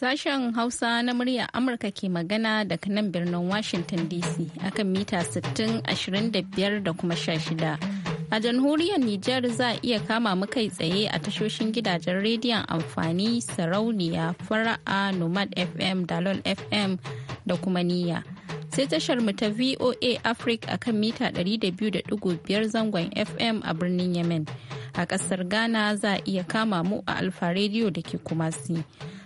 Sashen Hausa na murya Amurka ke magana daga nan birnin Washington DC akan mita 60, 25 da kuma 16. A jamhuriyar Nijar za a iya kama mu kai tsaye a tashoshin gidajen rediyon amfani sarauniya fara'a Nomad FM, Dalol FM da kuma niya Sai tashar mu ta VOA Africa akan mita 200.5 zangon FM a birnin Yemen. A ƙasar Ghana za a iya kama mu a Alfa Radio da ke Kumasi.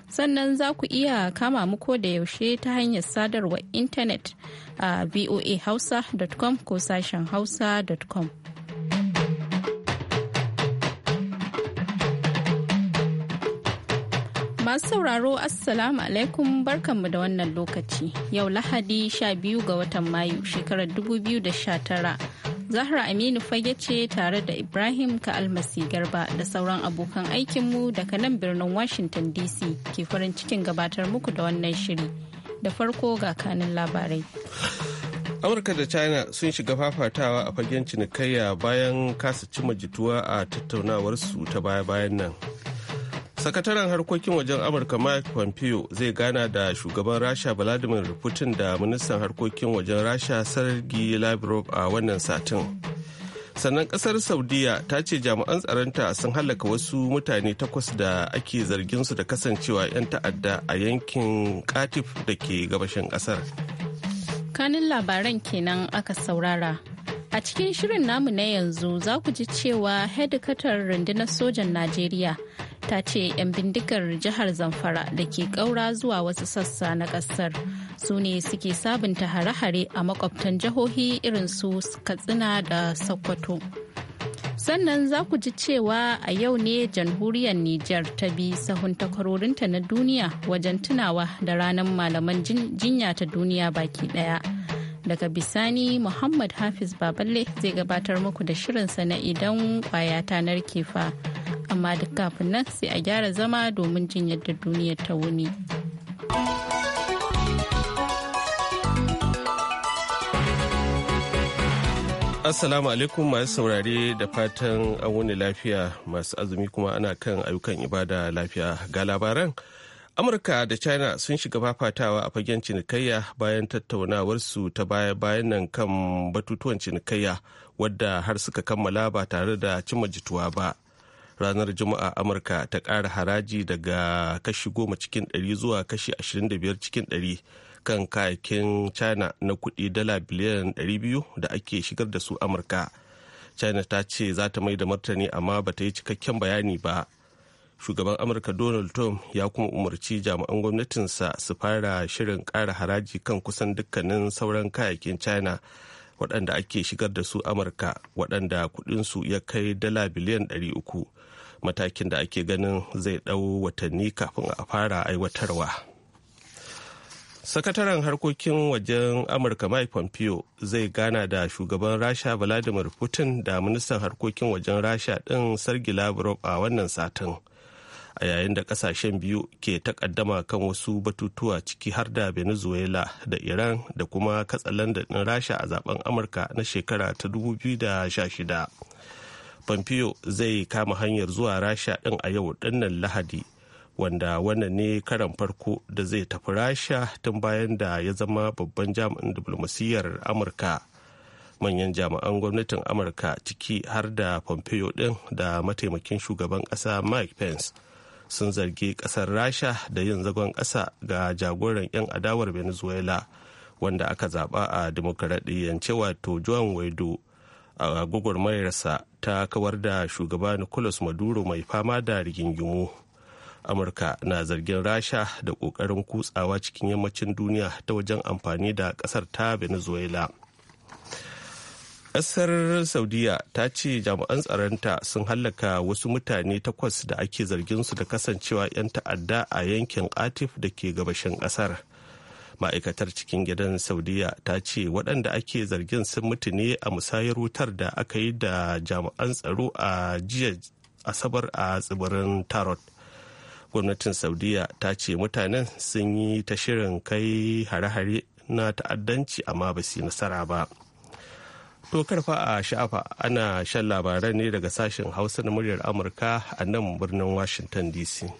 sannan za ku iya kama mu ko da yaushe ta hanyar sadarwa intanet a voahausa.com ko sashen hausa.com. Masu sauraro Assalamu alaikum barkanmu da wannan lokaci yau Lahadi 12 ga watan Mayu shekarar 2019. Zahra Aminu fage ce tare da Ibrahim ka almasi garba da sauran abokan aikinmu daga nan birnin Washington DC ke farin cikin gabatar muku da wannan shiri. Da farko ga kanin labarai. Amurka da China sun shiga fafatawa a fagen cinikayya bayan kasa cima jituwa a tattaunawarsu ta baya-bayan nan. sakataren harkokin wajen amurka mike pompeo zai gana da shugaban rasha vladimir putin da ministan harkokin wajen rasha sergi lavrov a wannan satin sannan kasar saudiya ta ce jami'an tsaronta sun halaka wasu mutane takwas da ake zargin su da kasancewa 'yan ta'adda a yankin katif da ke gabashin kasar kanin labaran kenan aka saurara A cikin shirin namu na yanzu za ku ji cewa hedikatar rundunar sojan Najeriya ta ce 'yan bindigar jihar zamfara da ke kaura zuwa wasu sassa na ƙasar su ne suke sabunta hare-hare a makwabtan jihohi irin su katsina da sokoto sannan za ku ji cewa a yau ne jamhuriyar niger ta bi sahun takwarorinta na duniya wajen tunawa da ranar malaman jinya ta duniya baki daya daga bisani muhammad hafiz baballe zai gabatar muku da shirinsa na idan kwaya ta narkefa. fa amma duk kafin nan sai a gyara zama domin jin yadda duniya ta wuni. Assalamu alaikum masu saurare da fatan an wuni lafiya masu azumi kuma ana kan ayyukan ibada lafiya ga labaran. Amurka da China sun shiga fafatawa a fagen cinikayya bayan tattaunawar su ta baya-bayan nan kan batutuwan cinikayya wadda har suka kammala ba tare da cimma jituwa ba. ranar juma'a amurka ta kara haraji daga kashi goma cikin ɗari zuwa kashi ashirin da biyar cikin ɗari kan kayakin china na kuɗi dala biliyan 200 da ake shigar da su amurka china ta ce za ta mai da martani amma ba ta yi cikakken bayani ba shugaban amurka donald trump ya kuma umarci jami'an gwamnatinsa su fara shirin kara haraji kan kusan dukkanin sauran kayakin china waɗanda ake shigar da su amurka waɗanda kuɗinsu ya kai dala biliyan uku. matakin da ake ganin zai ɗau watanni kafin a fara aiwatarwa sakataren harkokin wajen amurka mike pompeo zai gana da shugaban rasha vladimir putin da ministan harkokin wajen rasha ɗin sergi lavrov a wannan satin a yayin da kasashen biyu ke takaddama kan wasu batutuwa ciki har da venezuela da iran da kuma katsalandan rasha a zaben amurka na shekara ta 2016 pompeo zai kama hanyar zuwa rasha ɗin a yau ɗinnan lahadi wanda wannan ne karan farko da zai tafi rasha tun bayan da ya zama babban jami'in diplomasiyyar amurka manyan jami'an gwamnatin amurka ciki har da pompeo ɗin da mataimakin shugaban ƙasa mike pence sun zargi ƙasar rasha da yin zagon ƙasa ga jagoran 'yan adawar venezuela wanda aka zaba a dimokuraɗiyyance wato juan waido a mayarsa. ta kawar da shugaba nicolas maduro mai fama da rigingimu amurka na zargin rasha da kokarin kutsawa cikin yammacin duniya ta wajen amfani da kasar ta venezuela ƙasar saudiya ta ce jami'an tsaronta sun hallaka wasu mutane takwas da ake zargin su da kasancewa 'yan ta'adda a yankin katif da ke gabashin ƙasar ma'aikatar cikin gidan saudiya ta ce waɗanda ake zargin sun mutu ne a musayar wutar da aka yi da jami'an tsaro a jiya asabar a tsibirin tarot gwamnatin saudiya ta ce mutanen sun yi ta shirin kai hare-hare na ta'addanci amma ba su nasara ba to fa a sha'afa ana shan labaran ne daga sashen hausa na muryar amurka a nan birnin washington dc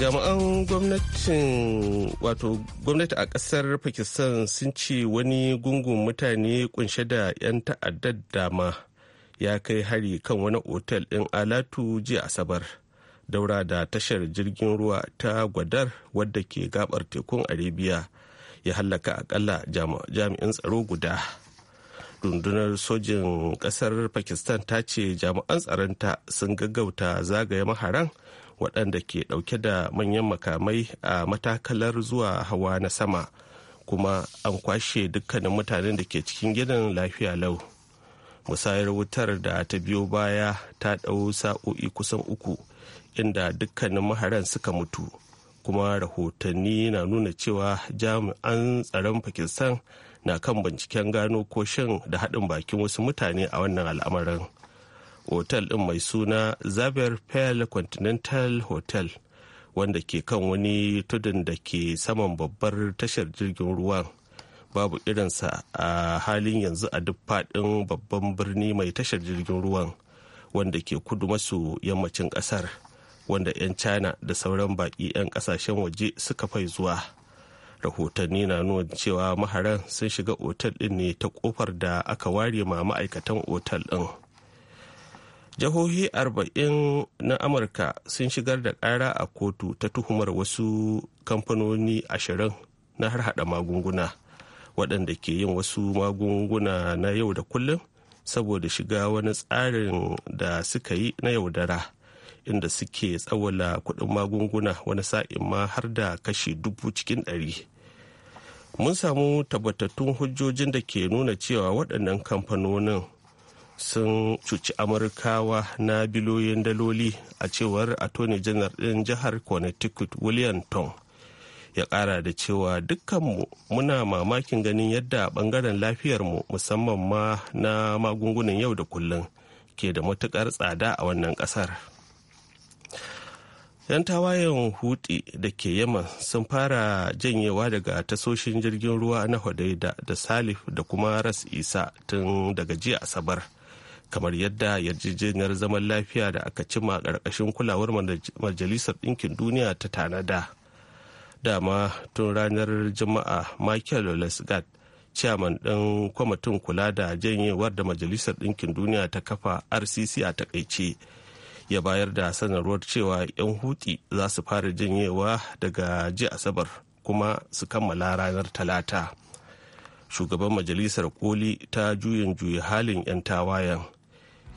jami'an gwamnatin wato gwamnati a kasar pakistan sun ce wani gungun mutane kunshe da 'yan ta'addar dama ya kai hari kan wani otel ɗin alatu jiya asabar daura da tashar jirgin ruwa ta gwadar wadda ke gabar tekun arabia ya hallaka akalla jami'in tsaro guda rundunar sojin kasar pakistan ta ce jami'an tsaronta sun gaggauta zagaye maharan waɗanda ke ɗauke da manyan makamai a matakalar zuwa hawa na sama kuma an kwashe dukkanin mutanen da ke cikin gidan lafiya lau musayar wutar da ta biyo baya ta ɗau sa'o'i kusan uku inda dukkanin maharan suka mutu kuma rahotanni na nuna cewa jami'an tsaron pakistan na kan binciken gano ko da haɗin bakin wasu mutane a wannan al'amarin otal ɗin mai suna zaber pearl continental hotel wanda ke kan wani tudun da ke saman babbar tashar jirgin ruwan babu irinsa a halin yanzu a duk faɗin babban birni mai tashar jirgin ruwan wanda ke kudu maso yammacin ƙasar wanda 'yan china da sauran baƙi 'yan ƙasashen waje suka fai zuwa rahotanni na nuna cewa maharan sun shiga otal ɗin ne ta ƙofar da aka ware ma ma'aikatan otal ɗin. jihohi arba'in na amurka sun shigar da kara a kotu ta tuhumar wasu kamfanoni ashirin na harhaɗa magunguna waɗanda ke yin wasu magunguna na yau da kullum saboda shiga wani tsarin da suka yi na yaudara inda suke tsawala kuɗin magunguna wani sa'in ma har da kashi dubu cikin ɗari mun samu tabbatattun hujjojin da ke nuna cewa waɗannan kamfanonin sun cuci amurkawa na biloyin daloli a cewar attorney Janar ɗin jihar connecticut william tong ya ƙara da cewa dukkanmu muna mamakin ganin yadda ɓangaren lafiyarmu musamman ma na magungunan yau da kullum ke da matuƙar tsada a wannan ƙasar. 'yan tawayen hutu da ke yaman sun fara janyewa daga tasoshin jirgin ruwa na Hudaida da salif da kuma ras isa tun daga jiya asabar kamar yadda yarjejeniyar zaman lafiya da aka cima ƙarƙashin kulawar majalisar ɗinkin duniya ta tanada dama tun ranar jama'a michael lesgard ciyaman ɗin kwamitin kula da janyewar da majalisar ɗinkin duniya ta kafa rcc a takaice ya bayar da sanarwar cewa 'yan hutu za su fara janyewa daga jiya asabar kuma su kammala ranar talata shugaban majalisar koli ta juyin juya halin 'yan tawayen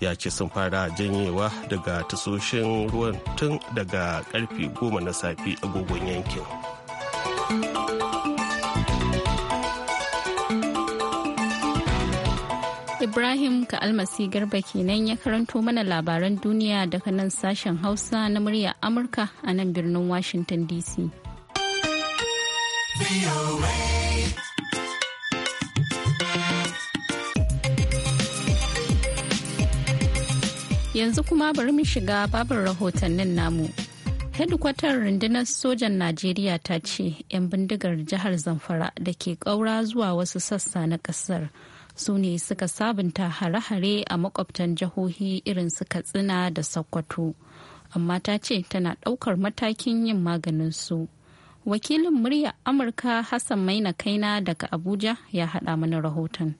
ya ce sun fara janyewa daga tasoshin ruwan tun daga karfe goma na safe agogon yankin ibrahim ka almasi garba kenan ya karanto mana labaran duniya daga nan sashen hausa na murya amurka a nan birnin washington dc yanzu kuma bari mu shiga babin rahotannin namu Hedkwatar rundunar sojan najeriya ta ce 'yan bindigar jihar zamfara da ke ƙaura zuwa wasu sassa na ƙasar su ne suka sabunta hare-hare a makwabtan jihohi irin su katsina da sokoto amma ta ce tana ɗaukar matakin yin maganin su wakilin murya amurka hassan maina kaina daga abuja ya haɗa mana rahoton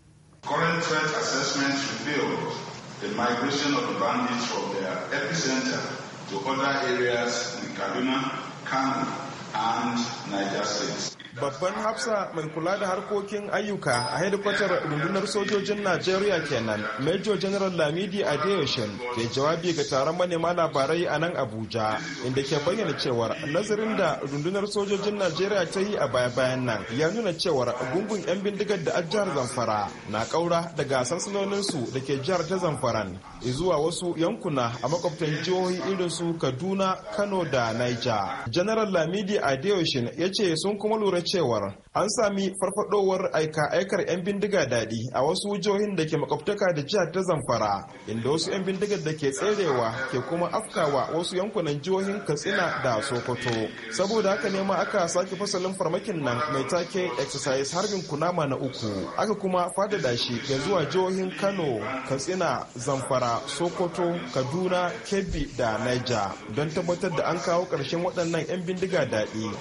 the migration of the bandits from their epicenter to other areas in Kaduna, Kano, and Niger states. babban hafsa mai kula da harkokin ayyuka a hedikwatar rundunar sojojin najeriya kenan major general lamidi adeyoshin ke jawabi ga taron manema labarai a nan abuja inda ke bayyana cewar nazarin da rundunar sojojin najeriya ta yi a baya-bayan nan ya nuna cewar gungun 'yan bindigar da jihar zamfara na kaura daga sansanoninsu da ke jihar ta zamfaran zuwa wasu yankuna a makwabtan jihohi irin su kaduna kano da niger general lamidi adeyoshin ya ce sun kuma lura cewar an sami farfadowar aika-aikar 'yan bindiga daɗi a wasu jihohin da ke makwabtaka da jihar ta zamfara inda wasu 'yan bindigar da ke tserewa ke kuma afkawa wasu yankunan jihohin katsina da sokoto saboda haka ne ma aka sake fasalin farmakin nan mai take exercise harbin kunama na uku aka kuma fadada shi ga zuwa jihohin kano katsina zamfara sokoto kaduna kebbi da niger don tabbatar da an kawo ƙarshen waɗannan 'yan bindiga daɗi.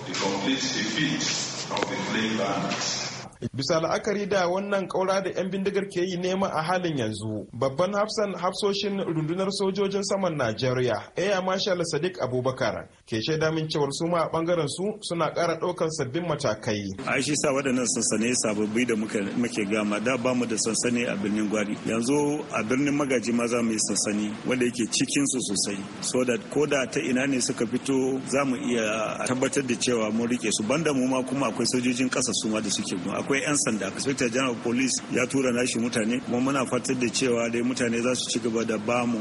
of the clay balance. bisa la'akari da wannan kaura da 'yan bindigar ke yi nema a halin yanzu babban hafsan hafsoshin rundunar sojojin saman najeriya air marshal sadiq abubakar ke shaida min cewar su ma a bangaren su suna kara ɗaukar sabbin matakai a shi sa waɗannan sansane sababbi da muke gama da ba mu da sansani a birnin gwari yanzu a birnin magaji ma za mu yi sansani wanda yake cikin su sosai so da ko da ta ina ne suka fito za mu iya tabbatar da cewa mun rike su banda mu ma kuma akwai sojojin ƙasa suma da suke akwai akwai 'yan sanda inspector general police ya tura nashi mutane kuma muna fatar da cewa dai mutane za su ci gaba da ba mu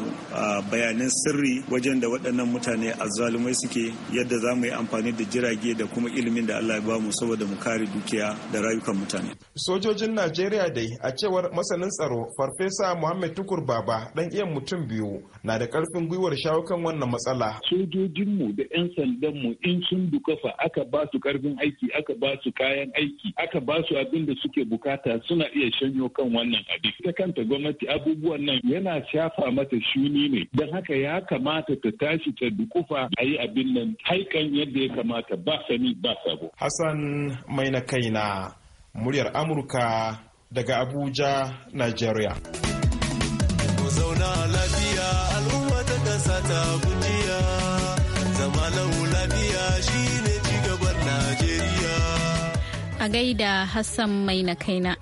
bayanan sirri wajen da waɗannan mutane a azzalumai suke yadda za mu yi amfani da jirage da kuma ilimin da Allah ya ba mu saboda mu kare dukiya da rayukan mutane. Sojojin Najeriya dai a cewar masanin tsaro Farfesa Muhammad Tukur Baba dan iyan mutum biyu na da karfin gwiwar shawo kan wannan matsala. Sojojinmu da 'yan sandanmu in sun dukafa aka ba su karfin aiki aka ba su kayan aiki aka ba su abin da suke bukata suna iya shanyo kan wannan abin ta kanta gwamnati abubuwan nan yana shafa mata shuni ne don haka ya kamata ta tashi ta dukufa a yi abin nan haikan yadda ya kamata ba sani ba sabo hassan mai na kaina muryar amurka daga abuja nigeria A gaida Hassan mai na kaina.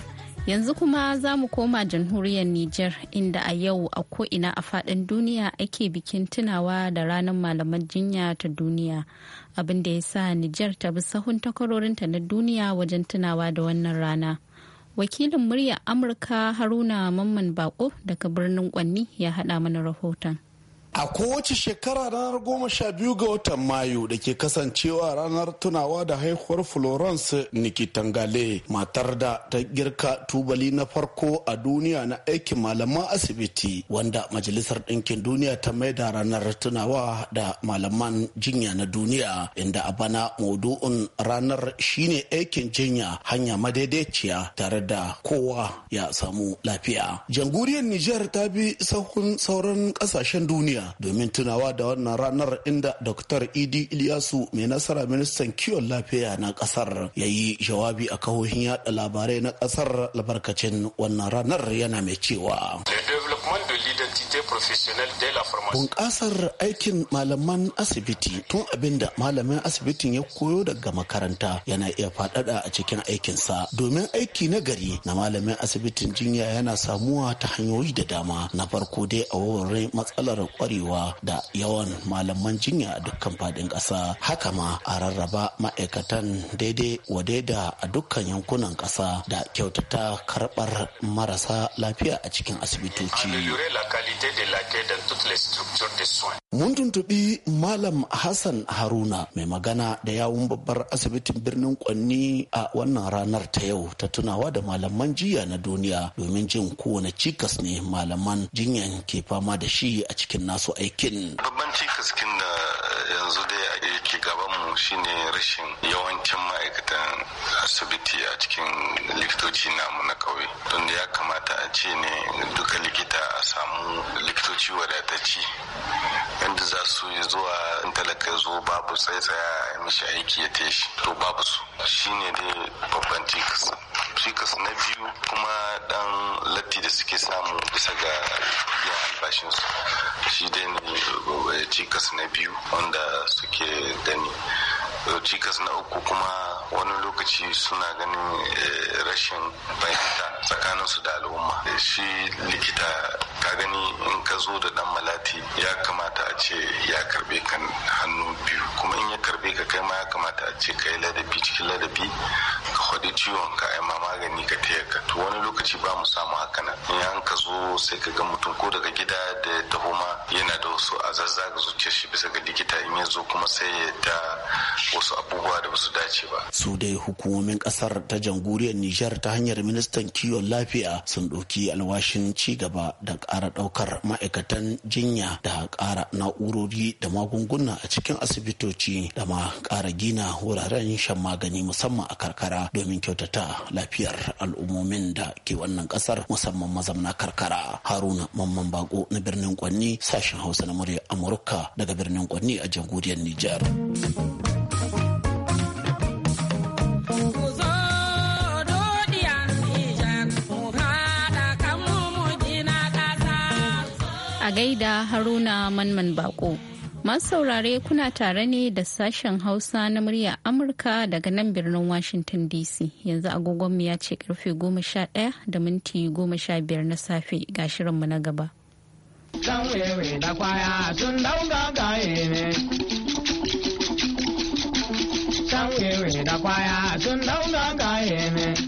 Yanzu kuma za mu koma jamhuriyar niger inda a yau a ko'ina a faɗin duniya ake bikin tunawa da ranar malaman jinya ta duniya. Abin da ya sa niger ta bi sahun takwarorinta na duniya wajen tunawa da wannan rana. Wakilin murya Amurka Haruna Mamman Bako daga birnin Kwanni ya haɗa mana rahoton. A kowace shekara ranar goma sha biyu ga watan Mayu da ke kasancewa ranar tunawa da haihuwar Florence Nikitangale, matar da ta girka tubali na farko a duniya na aikin malaman asibiti wanda Majalisar Ɗinkin Duniya ta maida ranar tunawa da malaman jinya na duniya inda a bana maudu'un ranar shine aikin jinya hanya madaidaiciya tare da kowa ya samu lafiya. jamhuriyar Nijar ta bi sauran ƙasashen duniya duniya domin tunawa da wannan ranar inda Dr. Idi Ilyasu mai nasara ministan kiwon lafiya na kasar ya yi jawabi a kahohin yada labarai na kasar albarkacin wannan ranar yana mai cewa. Bunƙasar aikin malaman asibiti tun abinda malamin asibitin ya koyo daga makaranta yana iya faɗaɗa a cikin aikinsa domin aiki na gari na malamin asibitin jinya yana samuwa ta hanyoyi da dama na farko dai a wurin matsalar kwarewa da yawan malaman jinya a dukkan fadin ƙasa haka ma a rarraba ma'aikatan daidai wadaida a dukkan yankunan ƙasa da kyautata karɓar marasa lafiya a cikin asibitoci. Mun tuntuɓi Malam Hassan Haruna mai magana da yawun babbar asibitin birnin Kwanni a wannan ranar ta yau ta tunawa da malaman jiya na duniya domin jin kowane cikas ne malaman jinyan ke fama da shi a cikin nasu masu aikin. Babban cikas da eh, yanzu dai yake gabanmu shine rashin yawancin ma'aikatan asibiti a cikin likitoci namu na ƙauye. Don ya kamata a ce ne duka likita a samu likitoci wadatacci yanda za su yi zuwa talaka zo babu tsaitsaya mishi aiki ya teshi to babu su shine dai babban cikas. Cikas na biyu kuma suke samu bisa ga biyan albashinsu shi dai ne eh, cikas na biyu wanda suke gani eh, cikas na uku kuma wani lokaci suna ganin eh, rashin fahimta tsakaninsu da al'umma shi likita ka gani in ka zo da dan malati ya kamata a ce ya karbe kan hannu biyu kuma in ya karbe ka kai ma ya kamata a ce ka yi ladabi cikin ladabi ka faɗi ciwon ka ai mama. magani ka taya ka to wani lokaci ba mu samu haka nan in an ka zo sai ka ga mutum ko daga gida da taho ma yana da wasu a zazzaga zuciyar shi bisa ga likita in ya zo kuma sai ya da wasu abubuwa da ba su dace ba su dai hukumomin kasar ta jamhuriyar Nijar ta hanyar ministan kiwon lafiya sun ɗauki alwashin ci gaba da ƙara ɗaukar ma'aikatan jinya da ƙara na'urori da magunguna a cikin asibitoci da ma ƙara gina wuraren shan magani musamman a karkara domin kyautata lafiya gamayyar al'ummomin da ke wannan kasar musamman mazamna karkara haruna mamman bako na birnin kwanni sashen hausa na murya amurka daga birnin kwanni a jamhuriyar nijar a gaida haruna manman bako Masu saurare kuna tare ne da sashen Hausa na murya Amurka daga nan birnin Washington DC. Yanzu agogonmu ya ce karfe 11 da minti 15 na safe ga shirinmu na gaba.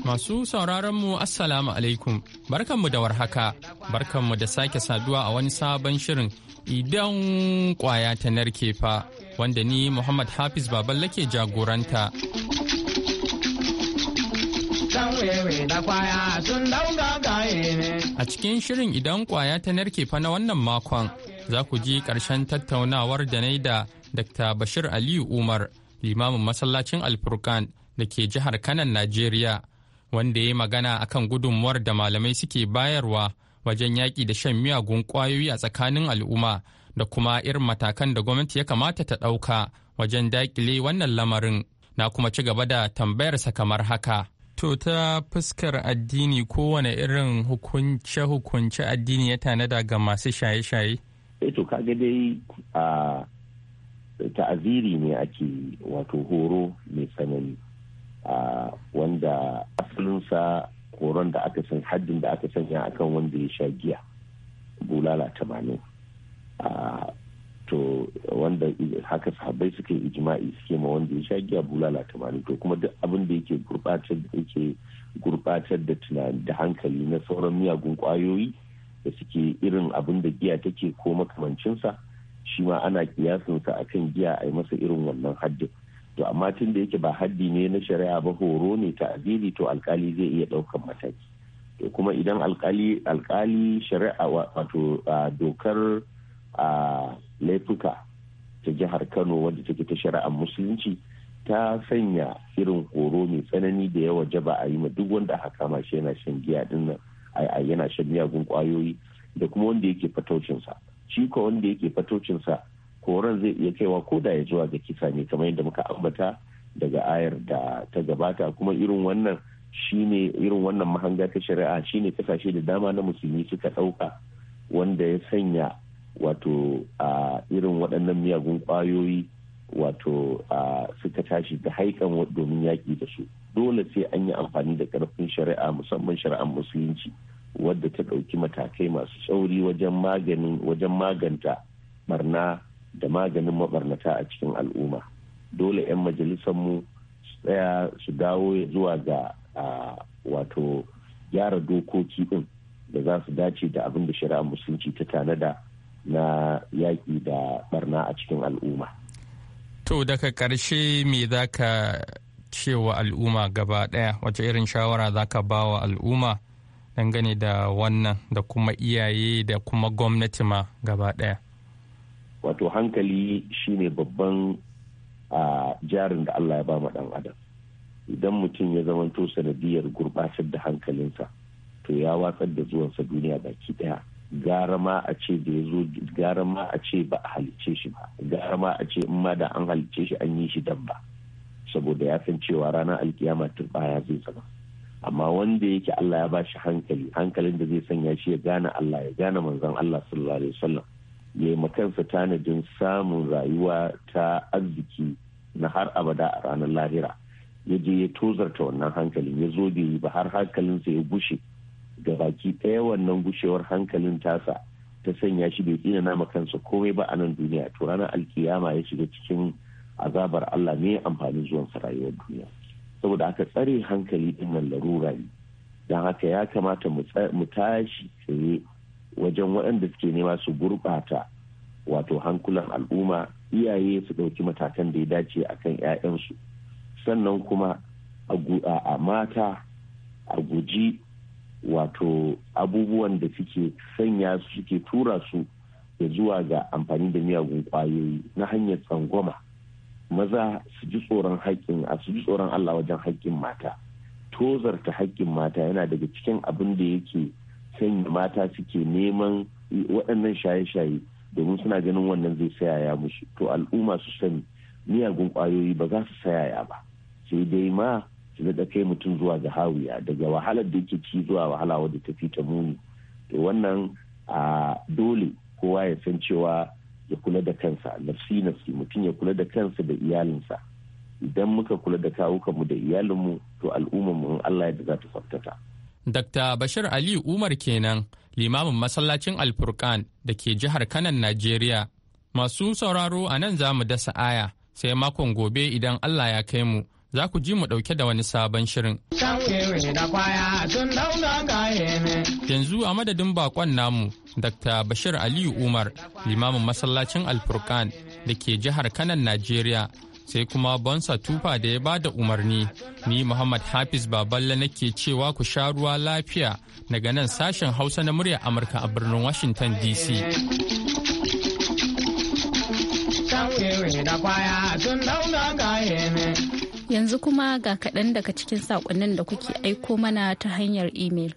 Masu sauraron mu Assalamu alaikum, barkanmu da warhaka, barkanmu da sake saduwa a wani sabon shirin idan kwaya ta narke fa wanda ni Muhammad Hafiz Baballe ke jagoranta. A cikin shirin idan kwaya ta narke fa na wannan makon za ku ji ƙarshen tattaunawar da na da Dr. Bashir Aliyu Umar, limamin masallacin Alfurkan da ke jihar Kanan, Najeriya. wanda ya yi magana akan gudunmuwar da malamai suke bayarwa wajen yaƙi da shan miyagun ƙwayoyi a tsakanin al'umma da kuma irin matakan da gwamnati ya kamata ta ɗauka wajen daƙile wannan lamarin na kuma ci gaba da tambayarsa kamar haka. To ta fuskar addini kowane irin hukunce-hukunce addini ya tanada ga masu shaye-shaye? Eh to kaga dai a ah, ta'aziri ne ake wato horo mai tsanani. wanda asalinsa horon da aka san haddin da aka sanya akan wanda ya sha giya bulala tamanin to wanda haka sahabbai suka yi ijma'i suke ma wanda ya sha giya bulala tamanin to kuma duk abin da yake gurbatar gurbatar da tunani da hankali na sauran miyagun kwayoyi da suke irin abin da giya take ko makamancinsa shi ma ana kiyasinsa kan giya a yi masa irin wannan haddin to amma tun da yake ba haddi ne na shari'a ba horo ne ta adili to alkali zai iya ɗaukan mataki to kuma idan alkali alkali shari'a wato dokar a laifuka ta jihar Kano wadda take ta shari'ar musulunci ta sanya irin horo mai tsanani da yawa jaba a yi ma duk wanda aka kama shi yana shan giya din nan yana shan miyagun kwayoyi da kuma wanda yake fatocinsa shi ko wanda yake fatocinsa horon zai iya kaiwa ko da ya zuwa ga kisa ne kamar yadda muka ambata daga ayar da ta gabata kuma irin wannan shine irin wannan mahanga ta shari'a shine kasashe da dama na musulmi suka ɗauka wanda ya sanya wato a irin waɗannan miyagun ƙwayoyi wato suka tashi da haikan domin yaƙi da su dole sai an yi amfani da ƙarfin shari'a musamman shari'ar musulunci wadda ta ɗauki matakai masu tsauri wajen maganin wajen maganta barna da maganin mabarnata a cikin al'umma dole 'yan majalisarmu su tsaya su dawo zuwa ga wato gyara dokoki din da za su dace da abin da shari'a musulunci ta tanada na yaƙi da barna a cikin al'umma to daga karshe me za ka cewa al'umma gaba ɗaya wace irin shawara za ka ba wa al'umma dangane da wannan da kuma iyaye da kuma gwamnati ma gaba ɗaya wato hankali shi ne babban a jarin da allah ya ba ma dan adam idan mutum ya zamanto sanadiyar gurbatar da hankalinsa to ya watsar da zuwansa duniya baki daya gara ma a ce da ya zo gara a ce ba a halicce shi ba gara ma a ce in ma da an halicce shi an yi shi dan ba saboda ya san cewa ranar alkiyama turbaya zai zama amma wanda yake Allah ya ba shi hankali hankalin da zai sanya shi ya gane Allah ya gane manzon Allah sallallahu alaihi wasallam ya yi makansa tanadin samun rayuwa ta arziki na har abada a ranar lahira ya je ya tozarta wannan hankalin ya zo da yi ba har hankalinsa ya gushe ga baki ɗaya wannan gushewar hankalin tasa ta sanya shi bai tsina nama kansa komai ba a nan duniya to ranar alkiyama ya shiga cikin azabar Allah ne amfanin zuwansa rayuwar duniya saboda haka tsare hankali ɗin nan larura ne don haka ya kamata mu tashi tsaye wajen waɗanda suke nema su gurɓata wato hankulan al'umma iyaye su ɗauki matakan da ya dace a kan 'ya'yansu sannan kuma a mata a guji wato abubuwan da suke sanya su suke tura su da zuwa ga amfani da miyagun ƙwayoyi na hanyar tsangwama maza su ji tsoron haƙƙin a su ji tsoron Allah wajen haƙƙin mata tozarta haƙƙin mata yana daga cikin abin da yake sanya mata suke neman waɗannan shaye-shaye domin suna ganin wannan zai sayaya mushi to al'umma su sani miyagun ƙwayoyi ba za su sayaya ba sai dai ma su daɗa kai mutum zuwa ga hawiya daga wahalar da yake ci zuwa wahala wadda ta fi ta muni to wannan a dole kowa ya san cewa ya kula da kansa nafsi nafsi mutum ya kula da kansa da iyalinsa idan muka kula da kawukanmu da iyalinmu to al'ummarmu in Allah ya da za ta tsabtata. Dr. Bashir Ali Umar kenan limamin masallacin Alfurkan da ke jihar Kanan Najeriya. Masu sauraro a nan za mu dasa aya sai makon gobe idan Allah ya kai mu. za ku ji mu ɗauke da wani sabon shirin. Yanzu a madadin bakon namu, Dr. Bashir Aliyu Umar, limamin masallacin Alfurkan da ke jihar Kanan, Najeriya, sai kuma bonsa tufa da ya bada umarni ni muhammad hafiz baballe nake cewa ku sha ruwa lafiya daga nan sashen hausa na murya amurka a birnin washington dc yanzu kuma ga kaɗan daga cikin saƙonnin da kuke aiko mana ta hanyar imel.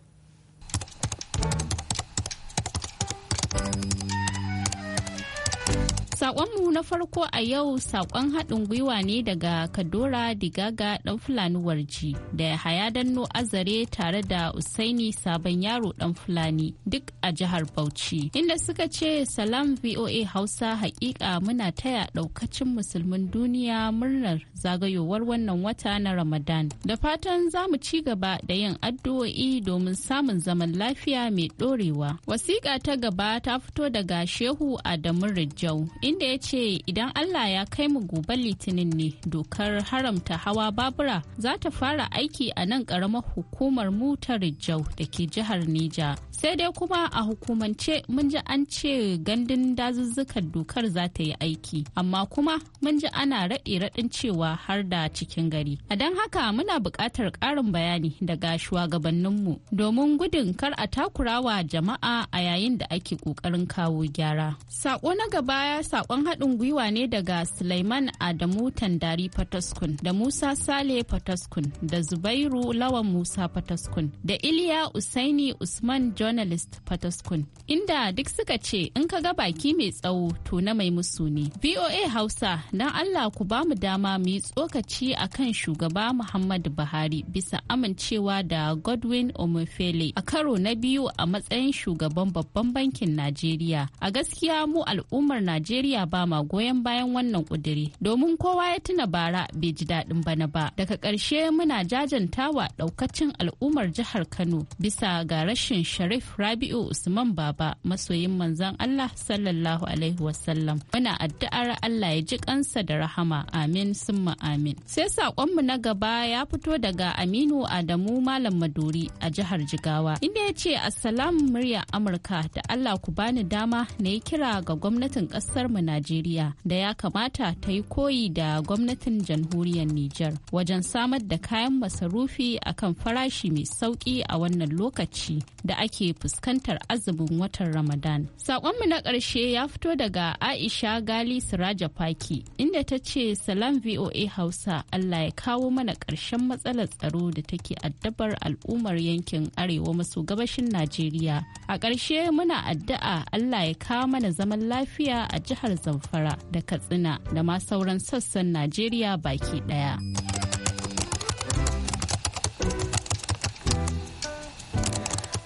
Sakonmu na farko a yau sakon haɗin gwiwa ne daga Kadora Digaga ɗan Fulani Warji da Haya Danno Azare tare da Usaini Sabon Yaro ɗan Fulani duk a jihar Bauchi. Inda suka ce Salam VOA Hausa haƙiƙa muna taya ɗaukacin musulmin duniya murnar zagayowar wannan wata na Ramadan. Da fatan za mu ci gaba da yin addu'o'i domin samun zaman lafiya mai ɗorewa. Wasiƙa ta gaba ta fito daga Shehu Adamu Rijau inda ya ce idan Allah ya kai mu gobe litinin ne dokar haramta hawa babura za ta fara aiki a nan karamar hukumar motar ta da ke jihar nija Sai dai kuma a hukumance mun ji an ce gandun dazuzzukan dokar za ta yi aiki, amma kuma mun ji ana raɗe raɗin cewa har da cikin gari. A don haka muna buƙatar ƙarin bayani daga shugabanninmu domin gudun kar a takurawa jama'a a yayin da ake ƙoƙarin kawo gyara. saƙo na gaba ya sakon haɗin gwiwa ne daga Sulaiman Adamu Tandari Fataskun da Musa Sale Fataskun da Zubairu Lawan Musa Fataskun da Iliya Usaini Usman Journalist Fataskun inda duk suka ce in ka ga baki mai tsawo to na mai musu ne. VOA Hausa don Allah ku ba mu dama mu tsokaci a kan shugaba Muhammadu Buhari bisa amincewa da Godwin Omofele a karo na biyu a matsayin shugaban babban bankin Najeriya. A gaskiya mu al'ummar Najeriya ya ba ma goyon bayan wannan kudiri. domin kowa ya tuna bara bai ji daɗin bana ba daga ƙarshe muna jajantawa ɗaukacin al'ummar jihar kano bisa ga rashin sharif rabi'u usman baba masoyin manzon allah sallallahu alaihi wasallam muna addu'ar allah ya ji kansa da rahama amin summa amin sai saƙonmu na gaba ya fito daga aminu adamu malam maduri a jihar jigawa inda ya ce assalamu murya amurka da allah ku bani dama na yi kira ga gwamnatin ƙasar mu Najeriya da ya kamata ta yi koyi da gwamnatin jamhuriyar Nijar wajen samar da kayan masarufi a kan farashi mai sauki a wannan lokaci da ake fuskantar azumin watan Ramadan. Saƙonmu na ƙarshe ya fito daga Aisha Gali Siraja Faki inda ta ce Salam VOA Hausa Allah ya kawo mana ƙarshen matsalar tsaro da take addabar al'ummar yankin arewa maso gabashin Najeriya. A ƙarshe muna addu'a Allah ya kawo mana zaman lafiya a jihar jihar zamfara da katsina da ma sauran sassan najeriya baki daya.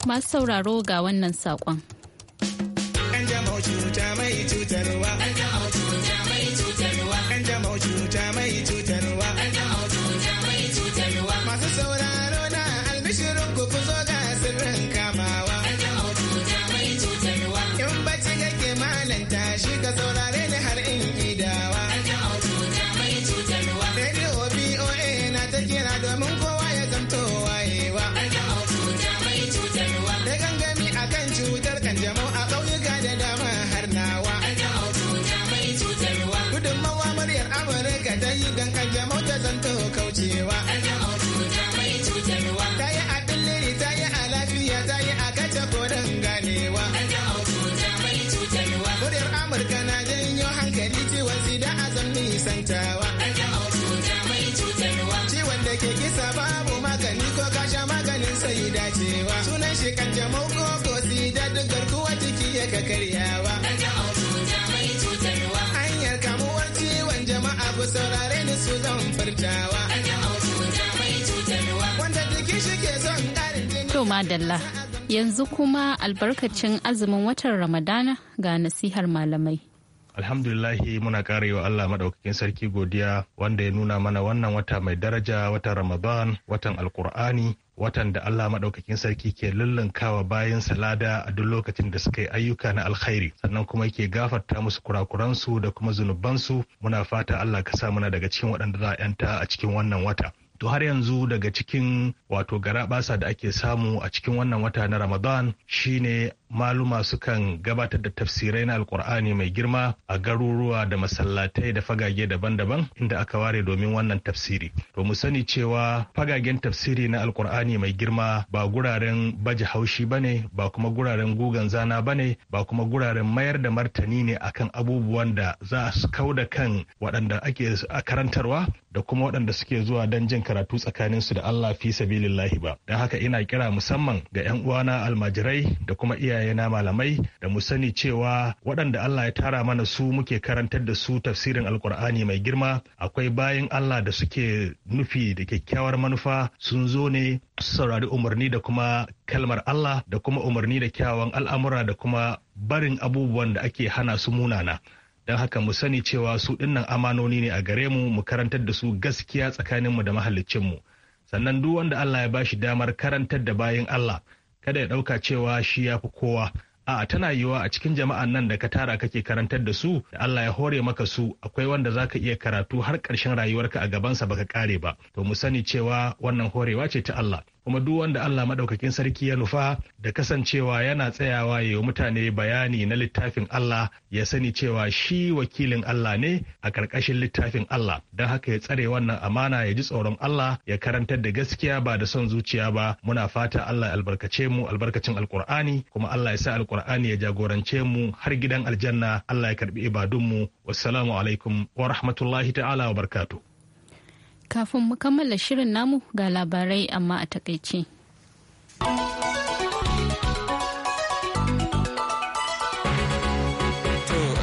masu sauraro ga wannan saƙon. Shiga zaune. ci kanjamau ko gosi da duk garkuwa jiki ya ka karyawa. Hanyar kamuwar ciwon jama'a ku saurare ni su zan furtawa. Wanda jiki shi ke son ƙarin jini. To madalla. Yanzu kuma albarkacin azumin watan Ramadana ga nasihar malamai. alhamdulillahi muna kare wa Allah maɗaukakin sarki godiya wanda ya nuna mana wannan wata mai daraja watan Ramadan watan Alkur'ani watan da Allah maɗaukakin sarki ke lullunkawa bayan salada a duk lokacin da suka yi ayyuka na alkhairi sannan kuma yake gafarta musu kurakuransu da kuma zunubansu muna fata Allah ka sa muna daga cikin waɗanda za a yanta a cikin wannan wata. To har yanzu daga cikin wato gara basa da ake samu a cikin wannan wata na Ramadan shine maluma sukan gabatar da tafsirai na alkur'ani mai girma a garuruwa da masallatai da fagage daban-daban inda aka ware domin wannan tafsiri to mu sani cewa fagagen tafsiri na alkur'ani mai girma ba guraren baje haushi ba ne ba kuma guraren gugan zana ne ba kuma guraren mayar da martani ne akan abubuwan da za su kau da kan waɗanda ake karantarwa da kuma waɗanda suke zuwa don jin karatu tsakaninsu da Allah fi sabilillahi ba don haka ina kira musamman ga 'yan uwana almajirai da kuma iya na malamai da mu sani cewa waɗanda Allah ya tara mana su muke karantar da su tafsirin alkur'ani mai girma akwai bayan Allah da suke nufi da kyakkyawar manufa sun zo ne su saurari umarni da kuma kalmar Allah da kuma umarni da kyawawan al'amura da kuma barin abubuwan da ake hana su munana. don haka mu sani cewa su dinnan amanoni ne a gare mu mu karantar da su gaskiya tsakaninmu da mahaliccinmu sannan duk wanda Allah ya bashi damar karantar da bayan Allah kada ya ɗauka cewa shi ya fi kowa a tana yiwuwa a cikin jama'an nan da ka tara kake karantar da su da Allah ya hore maka su akwai wanda za ka iya karatu har ƙarshen rayuwarka a gabansa baka kare ba to mu sani cewa wannan horewa ce ta Allah kuma duk wanda Allah madaukakin sarki ya nufa da kasancewa yana tsayawa ya mutane bayani na littafin Allah ya sani cewa shi wakilin Allah ne a ƙarƙashin littafin Allah don haka ya tsare wannan amana ya ji tsoron Allah ya karantar da gaskiya ba da son zuciya ba muna fata Allah ya albarkace mu albarkacin alkur'ani kuma Allah ya sa alkur'ani ya jagorance mu har gidan aljanna Allah ya karbi ibadunmu wassalamu alaikum wa rahmatullahi ta'ala wa barkatu. Kafin mu kammala shirin namu ga labarai amma a takaice.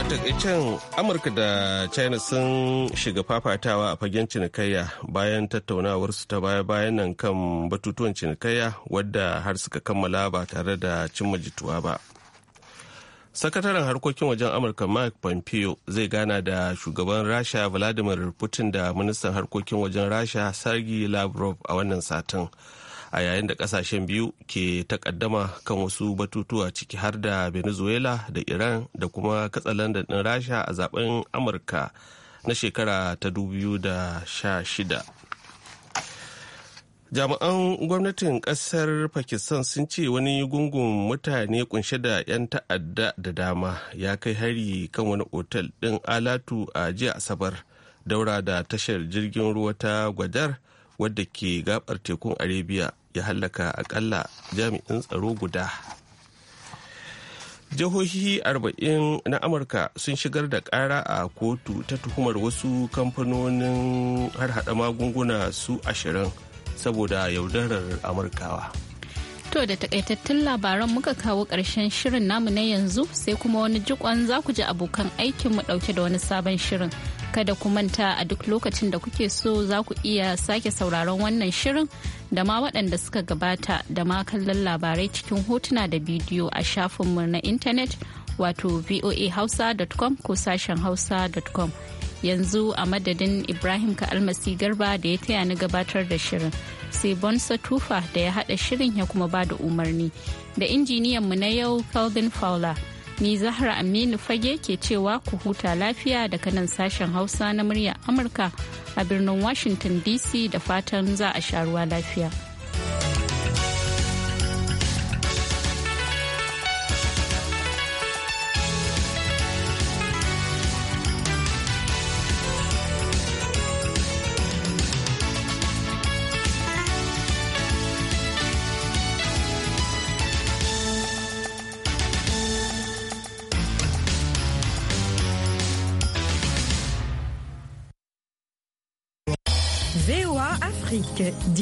takaicen amurka da china sun shiga fafatawa a fagen cinikayya bayan tattaunawarsu ta baya bayan nan kan batutuwan cinikayya wadda har suka kammala ba tare da cimma jituwa ba sakataren harkokin wajen amurka mike pompeo zai gana da shugaban rasha vladimir putin da ministan harkokin wajen rasha sergey lavrov a wannan satin a yayin da kasashen biyu ke takaddama kan wasu batutuwa ciki har da venezuela da iran da kuma katsalandan ɗin rasha a zaben amurka na shekara ta 2016 jami'an gwamnatin kasar pakistan sun ce wani gungun mutane kunshe da 'yan ta'adda da dama ya kai hari kan wani otal ɗin alatu a jiya asabar daura da tashar jirgin ruwa ta gwadar wadda ke gabar tekun arabia ya hallaka akalla jami'in tsaro guda jihohi 40 na amurka sun shigar da kara a kotu ta tuhumar wasu kamfanonin harhaɗa magunguna su ashirin saboda yaudarar amurkawa To da takaitattun labaran muka kawo ƙarshen shirin namu na yanzu sai kuma wani jikon za ku ji abokan aikinmu ɗauke da wani sabon shirin. Kada ku manta a duk lokacin da kuke so za ku iya sake sauraron wannan shirin da ma waɗanda suka gabata da ma kallon labarai cikin hotuna da bidiyo a shafinmu na intanet wato voahausa.com ko sashen hausa.com. yanzu a madadin ibrahim ka'almasi garba da ya taya ni gabatar da shirin sai bonsa tufa da ya haɗa shirin ya kuma ba da umarni da injiniyan mu na yau calvin fowler ni zahra aminu fage ke cewa ku huta lafiya daga nan sashen hausa na muryar amurka a birnin washington dc da fatan za a sha ruwa lafiya. 10